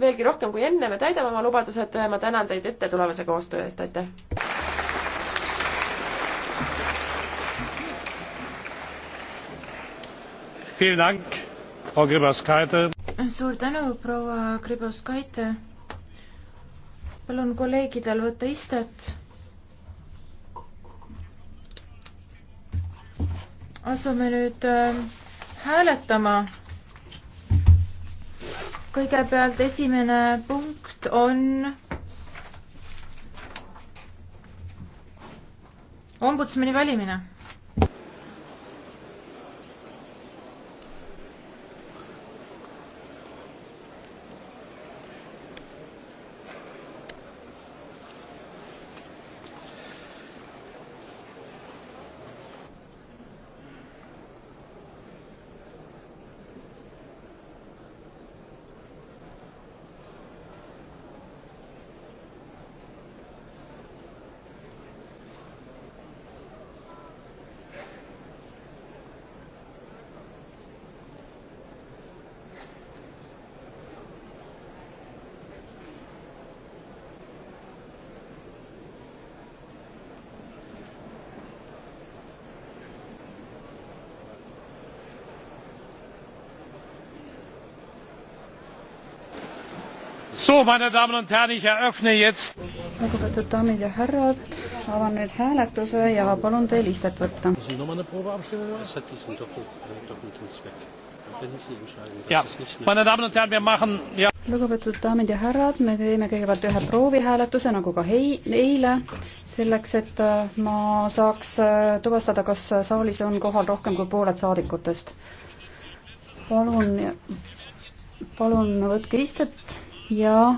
veelgi rohkem kui enne, me täidame oma lubadused, ma tänan teid ette tulevase koostöö eest, aitäh! suur tänu, proua Kriboskaite! palun kolleegidel võtta istet. asume nüüd äh, hääletama kõigepealt esimene punkt on ombudsmani valimine lugupeetud daamid ja härrad, avan nüüd hääletuse ja palun teil istet võtta. Äh, lugupeetud daamid ja härrad, me teeme kõigepealt ühe proovihääletuse, nagu ka hei-, eile, selleks, et äh, ma saaks äh, tuvastada, kas saalis on kohal rohkem kui pooled saadikutest. palun, palun võtke istet ja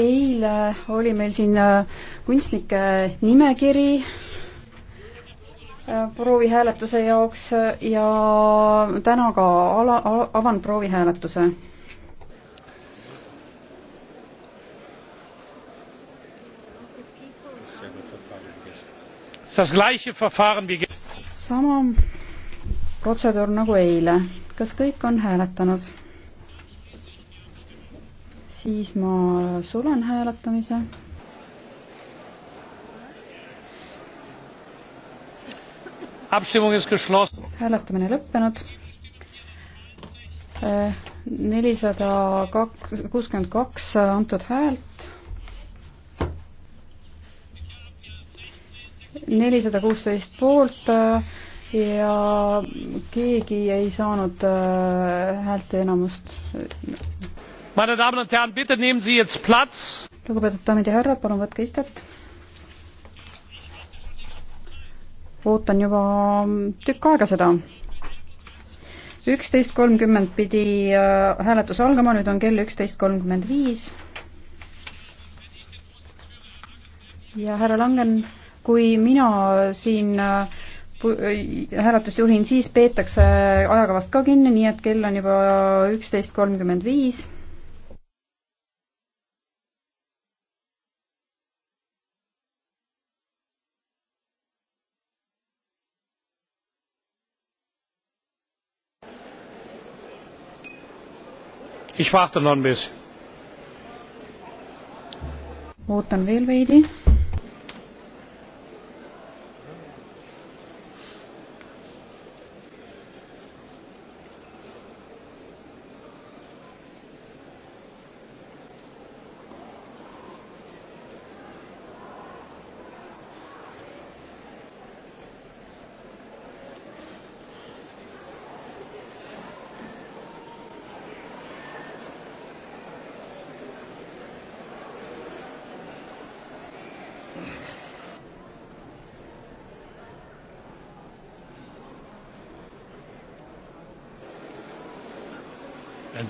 eile oli meil siin äh, kunstnike nimekiri äh, proovihääletuse jaoks äh, ja täna ka ala, avan proovihääletuse. sama protseduur nagu eile. kas kõik on hääletanud? siis ma sulen hääletamise. hääletamine lõppenud äh, nelisada kaks, kuuskümmend kaks antud häält. nelisada kuusteist poolt, äh, ja keegi ei saanud äh, häälte enamust. lugupeetud daamid ja härrad, palun võtke istet. ootan juba tükk aega seda. üksteist kolmkümmend pidi äh, hääletus algama, nüüd on kell üksteist kolmkümmend viis. ja härra Langen, kui mina siin äh, Äh, hääletust juhin, siis peetakse ajakavast ka kinni, nii et kell on juba üksteist kolmkümmend viis. ootan veel veidi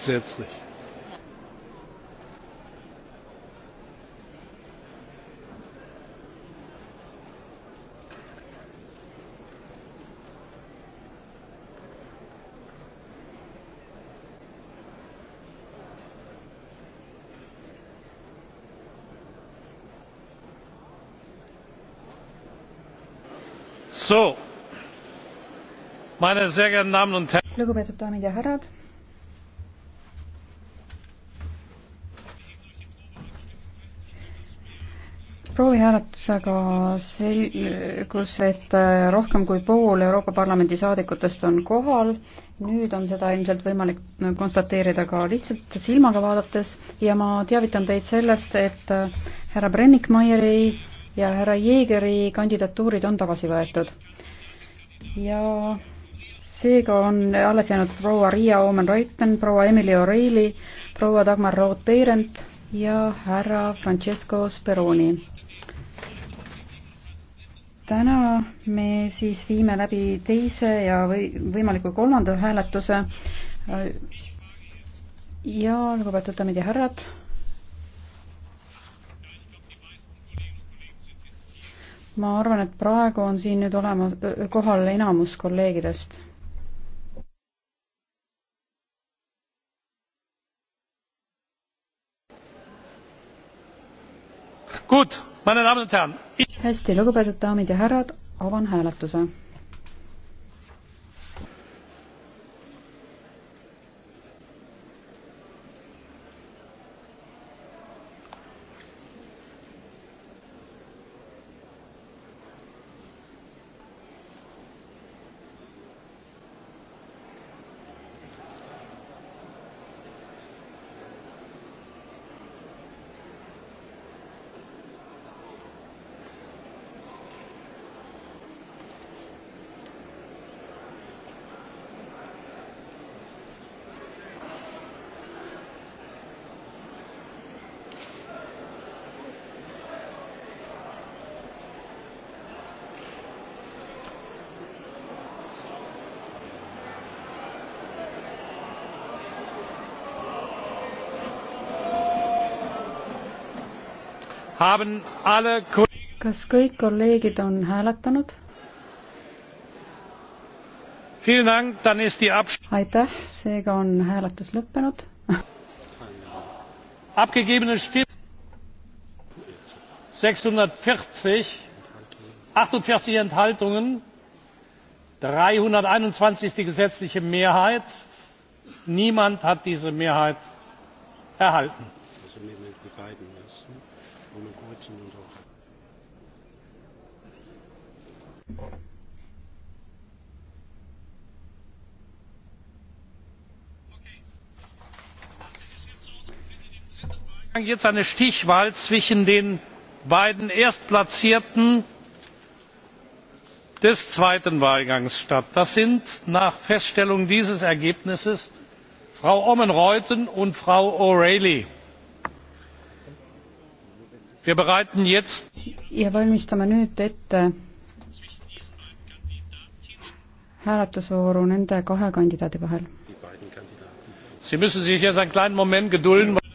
ganz herzlich. So, meine sehr geehrten Damen und Herren, lugupeetud daamid ja härrad proovihääletusega selgus, et äh, rohkem kui pool Euroopa Parlamendi saadikutest on kohal, nüüd on seda ilmselt võimalik äh, konstateerida ka lihtsalt silmaga vaadates ja ma teavitan teid sellest, et äh, härra Brennikmaieri ja härra Jeegeri kandidatuurid on tagasi võetud. ja seega on alles jäänud proua Riia Oomen-Reuten, proua Emily O'Reilly, proua Dagmar Roth-Beirent ja härra Francesco Speroni täna me siis viime läbi teise ja või võimaliku kolmanda hääletuse. ja lugupeetud daamid ja härrad. ma arvan, et praegu on siin nüüd olemas, kohal enamus kolleegidest gut meine damen und herren! hästi, lugupeetud daamid ja härrad, avan hääletuse. kas kõik kolleegid on hääletanud? aitäh, seega on hääletus lõppenud. achtundvierzig enthaltungen dreihunderteinundzwanzig die gesetzliche mehrheit niemand hat diese mehrheit erhalten una coordinator. Okay. Jetzt eine Stichwahl zwischen den beiden Erstplatzierten des zweiten Wahlgangs statt. Das sind nach Feststellung dieses Ergebnisses Frau Omen Reuten und Frau O'Reilly ja valmistame nüüd ette hääletusvooru nende kahe kandidaadi vahel.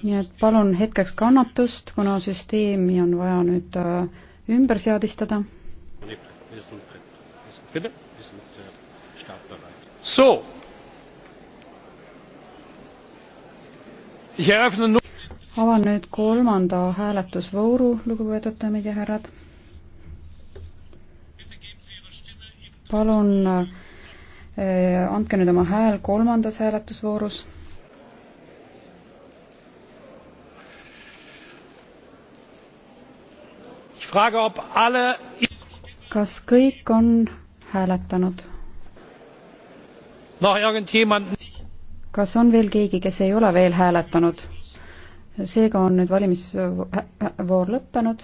nii et palun hetkeks kannatust, kuna süsteemi on vaja nüüd äh, ümber seadistada. So. Ich eröffne nun avan nüüd kolmanda hääletusvooru, lugupeetud daamid ja härrad. palun eh, andke nüüd oma hääl kolmandas hääletusvoorus kas kõik on hääletanud? kas on veel keegi, kes ei ole veel hääletanud? seega on nüüd valimisvoor lõppenud.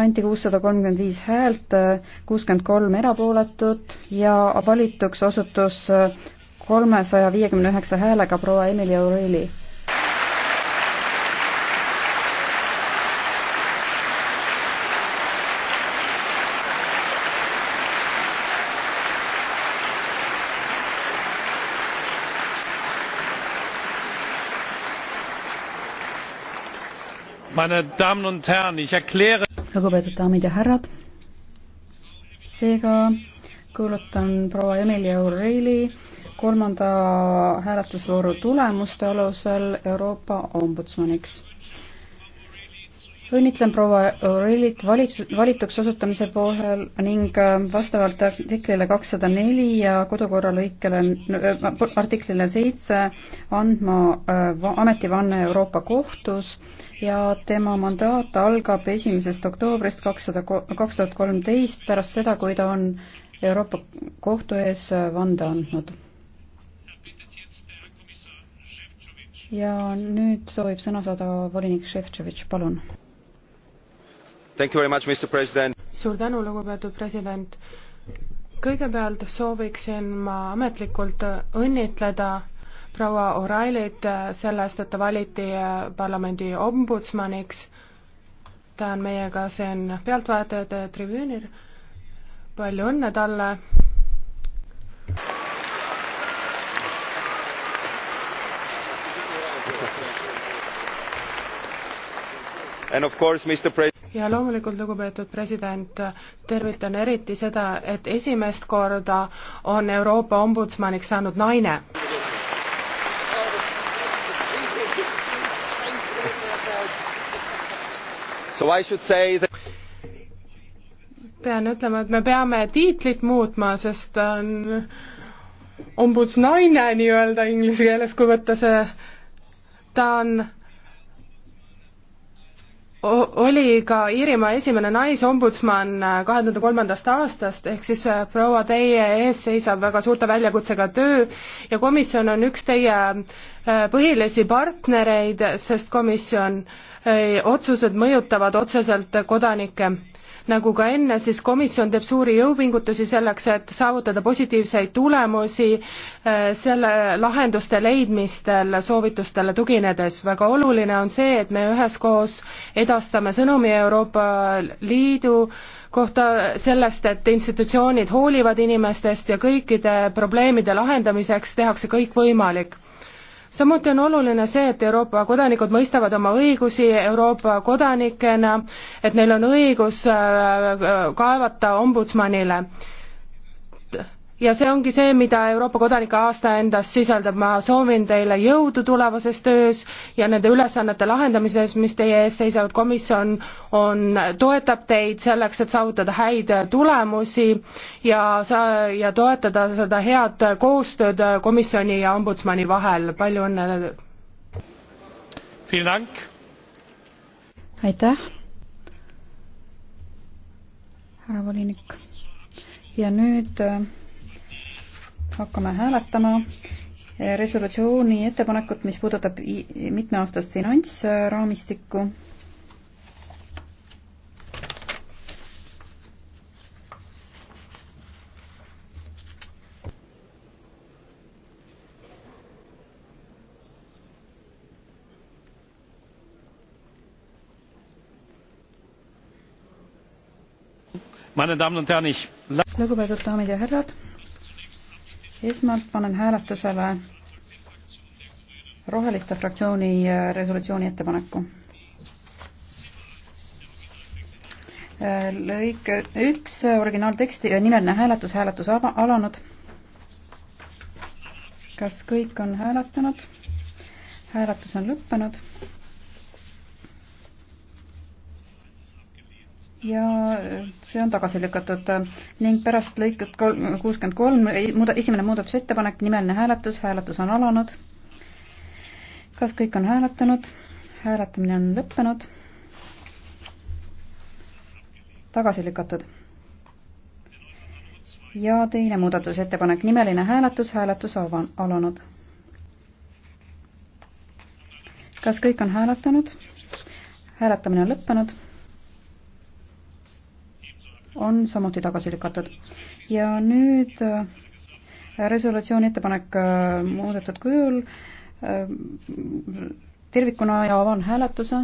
anti kuussada kolmkümmend viis häält, kuuskümmend kolm erapooletut ja valituks osutus kolmesaja viiekümne üheksa häälega proua Emily O'Reilly lugupeetud daamid ja härrad, seega kuulutan proua Emily O'Reilly kolmanda hääletusvooru tulemuste alusel Euroopa ombudsmaniks õnnitlen proua Orelit valitsus, valituks osutumise puhul ning äh, vastavalt artiklile kakssada neli ja kodukorra lõikele, äh, artiklile seitse andma äh, ametivanne Euroopa Kohtus ja tema mandaat algab esimesest oktoobrist kakssada, kaks tuhat kolmteist, pärast seda, kui ta on Euroopa Kohtu ees vande andnud. ja nüüd soovib sõna saada volinik Šefčovitš, palun mr president suur tänu lugupeetud president kõigepealt sooviksin ma ametlikult õnnitleda proua O'Reillyt selle eest, et ta valiti parlamendi ombudsmaniks. ta on meiega siin pealtvaatajate tribüünil. palju õnne talle. and of course mr president ja loomulikult, lugupeetud president, tervitan eriti seda, et esimest korda on Euroopa ombudsmaniks saanud naine. That... pean ütlema, et me peame tiitlit muutma, sest ta on ombudsnaine nii-öelda inglise keeles, kui võtta see, ta on oli ka Iirimaa esimene naisombudsman äh, kahe tuhande kolmandast aastast, ehk siis äh, proua, teie ees seisab väga suurte väljakutsega töö ja komisjon on üks teie äh, põhilisi partnereid, sest komisjon otsused mõjutavad otseselt kodanikke nagu ka enne, siis komisjon teeb suuri jõupingutusi selleks, et saavutada positiivseid tulemusi äh, selle lahenduste leidmistel soovitustele tuginedes. väga oluline on see, et me üheskoos edastame sõnumi Euroopa Liidu kohta sellest, et institutsioonid hoolivad inimestest ja kõikide probleemide lahendamiseks tehakse kõik võimalik samuti on oluline see, et Euroopa kodanikud mõistavad oma õigusi Euroopa kodanikena, et neil on õigus äh, kaevata ombudsmanile ja see ongi see, mida Euroopa kodanike aasta endas sisaldab, ma soovin teile jõudu tulevases töös ja nende ülesannete lahendamises, mis teie ees seisavad, komisjon on, toetab teid selleks, et saavutada häid tulemusi ja sa-, ja toetada seda head koostööd komisjoni ja ombudsmani vahel, palju õnne! aitäh, härra volinik! ja nüüd äh, hakkame hääletama resolutsiooni ettepanekut, mis puudutab mitmeaastast finantsraamistikku. lugupeetud daamid ja härrad esmalt panen hääletusele Roheliste fraktsiooni äh, resolutsiooni ettepaneku. Äh, lõike üks originaalteksti nimeline hääletus, hääletus alanud. kas kõik on hääletanud? hääletus on lõppenud ja see on tagasi lükatud ning pärast lõiket kuuskümmend kolm muuda-, esimene muudatusettepanek, nimeline hääletus, hääletus on alanud. kas kõik on hääletanud? hääletamine on lõppenud. tagasi lükatud. ja teine muudatusettepanek, nimeline hääletus, hääletus on alanud. kas kõik on hääletanud? hääletamine on lõppenud on samuti tagasi lükatud. ja nüüd äh, resolutsiooni ettepanek äh, muudetud kujul äh, tervikuna ja avan hääletuse.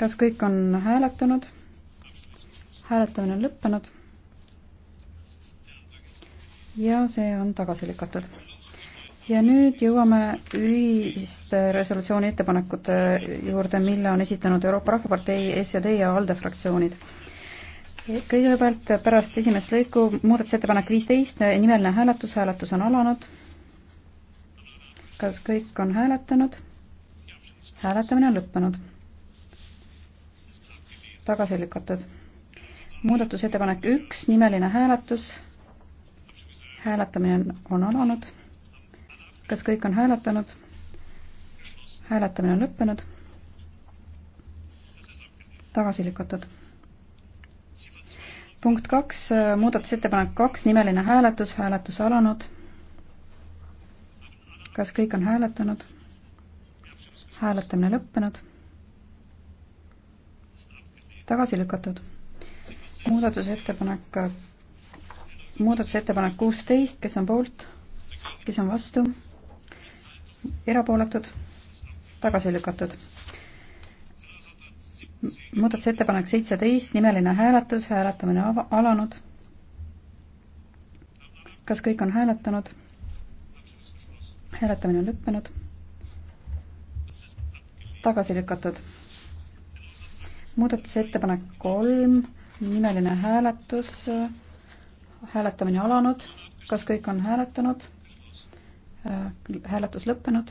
kas kõik on hääletanud? hääletamine on lõppenud. ja see on tagasi lükatud. ja nüüd jõuame ühiste resolutsiooni ettepanekute juurde, mille on esitanud Euroopa Rahvapartei, SED ja ALDE fraktsioonid kõigepealt pärast esimest lõiku muudatusettepanek viisteist, nimeline hääletus, hääletus on alanud. kas kõik on hääletanud? hääletamine on lõppenud. tagasi lükatud. muudatusettepanek üks, nimeline hääletus. hääletamine on, on alanud. kas kõik on hääletanud? hääletamine on lõppenud. tagasi lükatud punkt kaks, äh, muudatusettepanek kaks, nimeline hääletus, hääletus alanud. kas kõik on hääletanud? hääletamine lõppenud. tagasi lükatud. muudatusettepanek, äh, muudatusettepanek kuusteist, kes on poolt, kes on vastu, erapooletud, tagasi lükatud muudatusettepanek seitseteist, nimeline hääletus, hääletamine ava-, alanud. kas kõik on hääletanud? hääletamine on lõppenud. tagasi lükatud. muudatusettepanek kolm, nimeline hääletus, hääletamine alanud. kas kõik on hääletanud? hääletus lõppenud.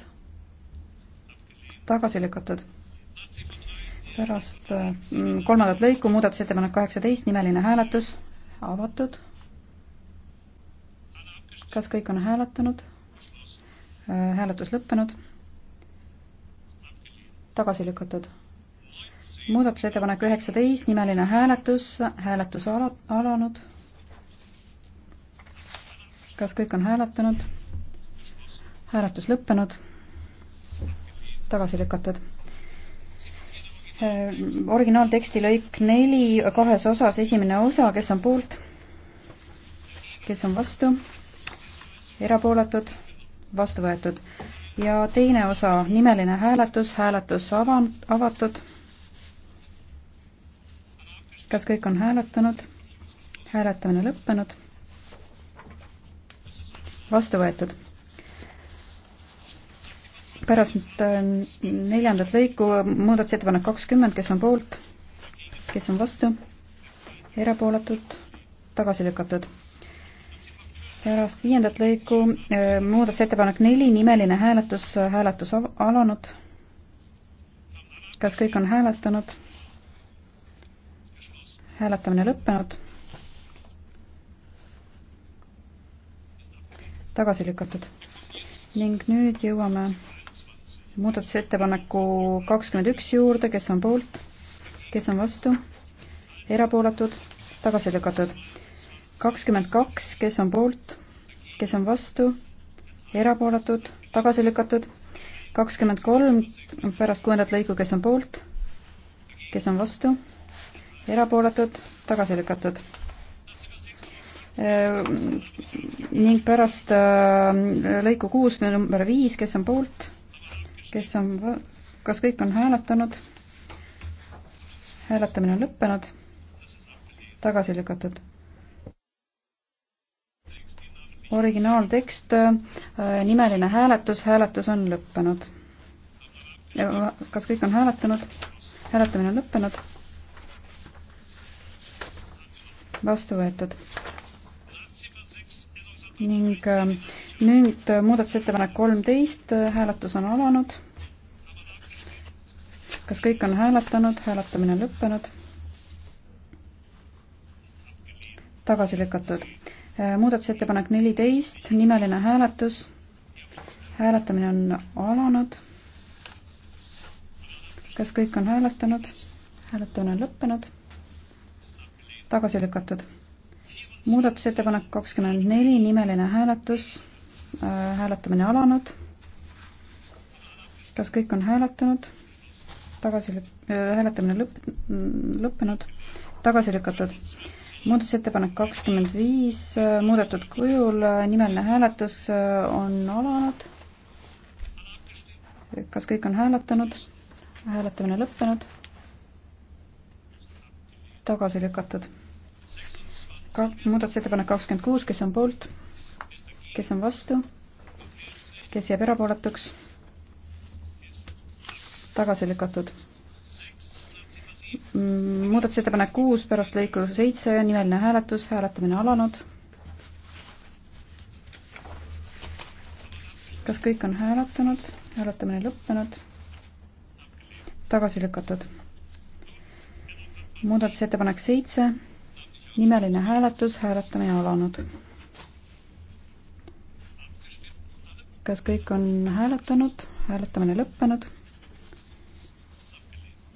tagasi lükatud pärast mm, kolmandat lõiku muudatusettepanek kaheksateist, nimeline hääletus avatud. kas kõik on hääletanud? Äh, hääletus lõppenud. tagasi lükatud. muudatusettepanek üheksateist, nimeline hääletus, hääletus ala, alanud. kas kõik on hääletanud? hääletus lõppenud. tagasi lükatud Äh, originaalteksti lõik neli kahes osas, esimene osa, kes on poolt, kes on vastu, erapooletud, vastu võetud. ja teine osa, nimeline hääletus, hääletus avan-, avatud. kas kõik on hääletanud? hääletamine lõppenud. vastu võetud pärast äh, neljandat lõiku muudatusettepanek kakskümmend, kes on poolt, kes on vastu, erapooletud, tagasi lükatud. pärast viiendat lõiku äh, muudatusettepanek neli, nimeline hääletus, hääletus alanud. kas kõik on hääletanud? hääletamine lõppenud. tagasi lükatud ning nüüd jõuame muudatusettepaneku kakskümmend üks juurde, kes on poolt, kes on vastu, erapooletud, tagasi lükatud. kakskümmend kaks, kes on poolt, kes on vastu, erapooletud, tagasi lükatud. kakskümmend kolm pärast kuuendat lõiku, kes on poolt, kes on vastu, erapooletud, tagasi lükatud ning pärast äh, lõiku kuus number viis, kes on poolt kes on, kas kõik on hääletanud? hääletamine on lõppenud, tagasi lükatud. originaaltekst, äh, nimeline hääletus, hääletus on lõppenud. kas kõik on hääletanud? hääletamine on lõppenud. vastu võetud ning äh, nüüd äh, muudatusettepanek kolmteist, äh, hääletus on alanud. kas kõik on hääletanud, hääletamine on lõppenud? tagasi lükatud. muudatusettepanek neliteist, nimeline hääletus. hääletamine on alanud. kas kõik on hääletanud? hääletamine on lõppenud. tagasi lükatud muudatusettepanek kakskümmend neli, nimeline hääletus, äh, hääletamine alanud. kas kõik on hääletanud? tagasi lük-, äh, hääletamine lõpp, mm, lõppenud, tagasi lükatud. muudatusettepanek kakskümmend viis, äh, muudetud kujul, nimeline hääletus on alanud. kas kõik on hääletanud? hääletamine lõppenud, tagasi lükatud muudatusettepanek kakskümmend kuus, kes on poolt, kes on vastu, kes jääb erapooletuks, tagasi lükatud. Mm, muudatusettepanek kuus pärast lõiku seitse, nimeline hääletus, hääletamine alanud. kas kõik on hääletanud, hääletamine lõppenud, tagasi lükatud. muudatusettepanek seitse nimeline hääletus, hääletamine alanud. kas kõik on hääletanud, hääletamine lõppenud?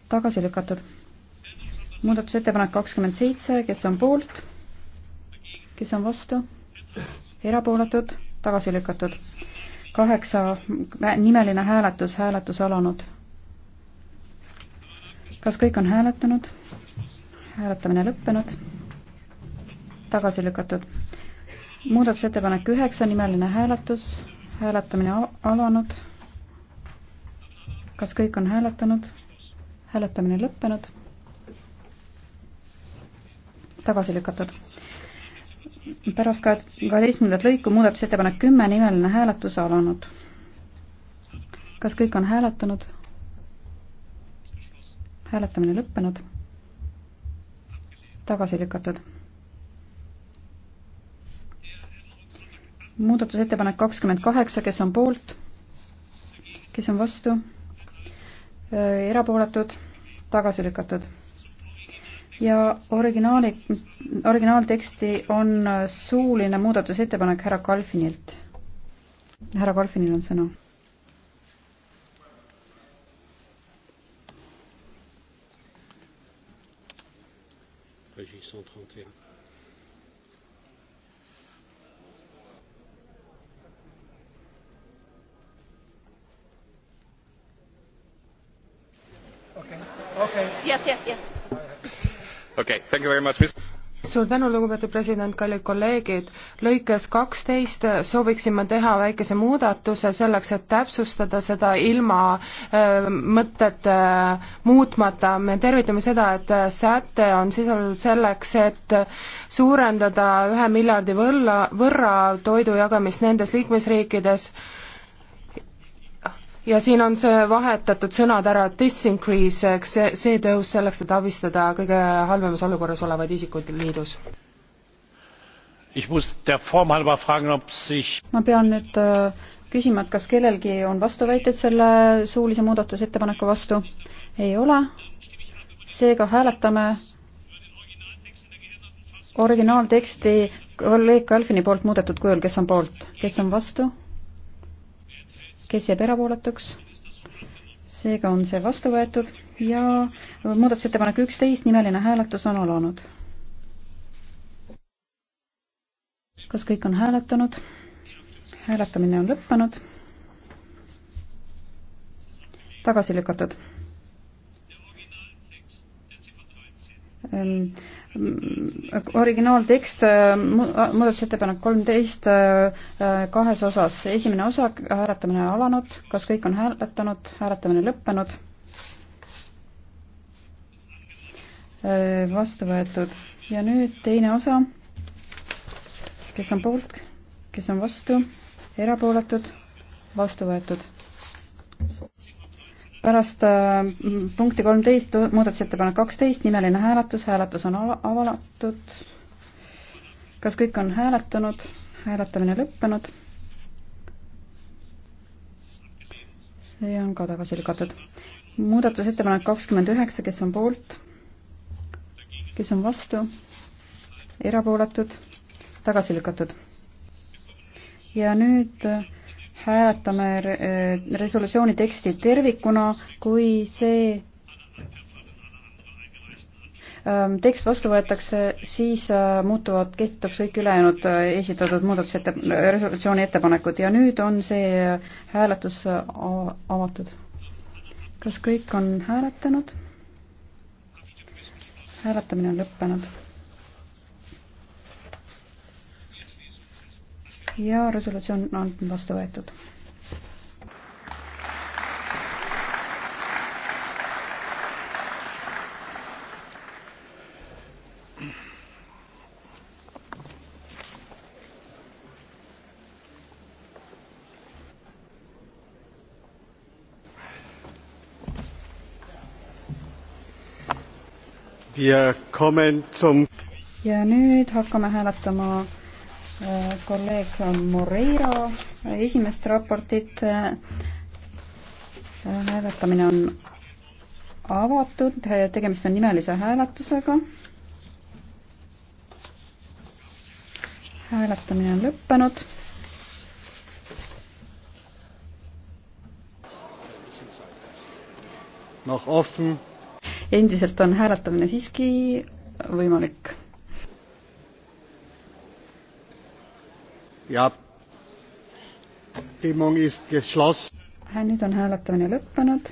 tagasi lükatud. muudatusettepanek kakskümmend seitse, kes on poolt, kes on vastu, erapooletud, tagasi lükatud. kaheksa, äh, nimeline hääletus, hääletus alanud. kas kõik on hääletanud? hääletamine lõppenud tagasi lükatud. muudatusettepanek üheksa, nimeline hääletus, hääletamine alanud. kas kõik on hääletanud? hääletamine lõppenud. tagasi lükatud. pärast kaheteistkümnendat lõiku muudatusettepanek kümme, nimeline hääletus alanud. kas kõik on hääletanud? hääletamine lõppenud. tagasi lükatud muudatusettepanek kakskümmend kaheksa, kes on poolt, kes on vastu, äh, erapooletud, tagasi lükatud. ja originaali, originaalteksti on äh, suuline muudatusettepanek härra Kalfinilt. härra Kalfinil on sõna. Régis 131. suur tänu, lugupeetud president, kallid kolleegid. lõikes kaksteist sooviksin ma teha väikese muudatuse selleks, et täpsustada seda ilma äh, mõtet äh, muutmata. me tervitame seda, et äh, säte on sisaldatud selleks, et suurendada ühe miljardi võlla, võrra toidu jagamist nendes liikmesriikides, ja siin on see vahetatud sõnad ära disincrease ehk see, see tõus selleks, et abistada kõige halvemas olukorras olevaid isikuid liidus. ma pean nüüd äh, küsima, et kas kellelgi on vastuväiteid selle suulise muudatusettepaneku vastu? ei ole. seega hääletame originaalteksti kolleeg Kalfini poolt muudetud kujul, kes on poolt, kes on vastu? kes jääb erapooletuks, seega on see vastu võetud ja muudatusettepanek üksteist, nimeline hääletus on alanud. kas kõik on hääletanud? hääletamine on lõppenud. tagasi lükatud. Ehm, originaaltekst, muudatusettepanek kolmteist äh, äh, kahes osas. esimene osa, hääletamine alanud, kas kõik on hääletanud, hääletamine lõppenud? Äh, vastu võetud ja nüüd teine osa. kes on poolt, kes on vastu, erapooletud, vastu võetud pärast äh, punkti kolmteist muudatusettepanek kaksteist, nimeline hääletus, hääletus on avatud. kas kõik on hääletanud? hääletamine lõppenud. see on ka tagasi lükatud. muudatusettepanek kakskümmend üheksa, kes on poolt? kes on vastu? erapooletud? tagasi lükatud. ja nüüd äh, hääletame eh, resolutsiooni teksti tervikuna, kui see ähm, tekst vastu võetakse, siis äh, muutuvad kehtetuks kõik ülejäänud äh, esitatud muudatusette-, resolutsiooni ettepanekud ja nüüd on see äh, hääletus avatud. kas kõik on hääletanud? hääletamine on lõppenud ja resolutsioon on vastu võetud. ja nüüd hakkame hääletama kolleeg Moreira esimest raportit. Äh, hääletamine on avatud, tegemist on nimelise hääletusega. hääletamine on lõppenud. endiselt on hääletamine siiski võimalik Äh, nüüd on hääletamine lõppenud.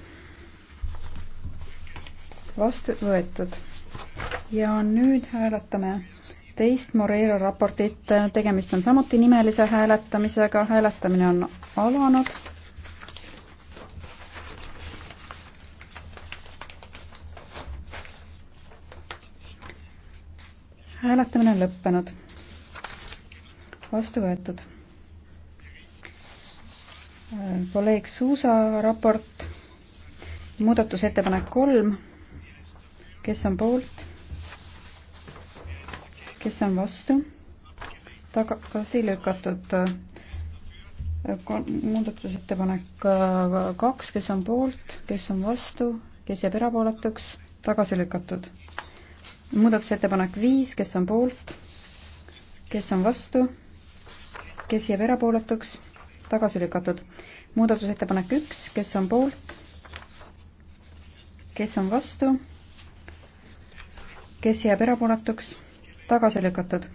vastu võetud. ja nüüd hääletame teist Moreira raportit, tegemist on samuti nimelise hääletamisega, hääletamine on alanud. hääletamine on lõppenud vastu võetud. kolleeg Suusa raport, muudatusettepanek kolm, kes on poolt, kes on vastu, tagasi lükatud muudatusettepanek äh, kaks, kes on poolt, kes on vastu, kes jääb erapooletuks, tagasi lükatud. muudatusettepanek viis, kes on poolt, kes on vastu, kes jääb erapooletuks, tagasi lükatud. muudatusettepanek üks, kes on poolt, kes on vastu, kes jääb erapooletuks, tagasi lükatud.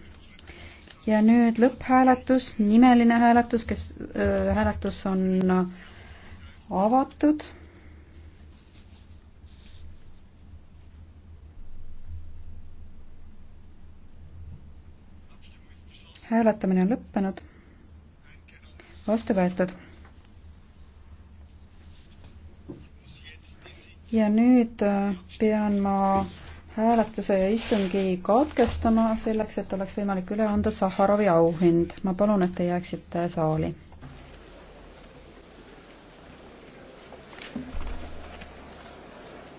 ja nüüd lõpphääletus, nimeline hääletus, kes öö, hääletus on avatud hääletamine on lõppenud vastu võetud. ja nüüd äh, pean ma hääletuse ja istungi katkestama selleks, et oleks võimalik üle anda Sahharovi auhind. ma palun, et te jääksite saali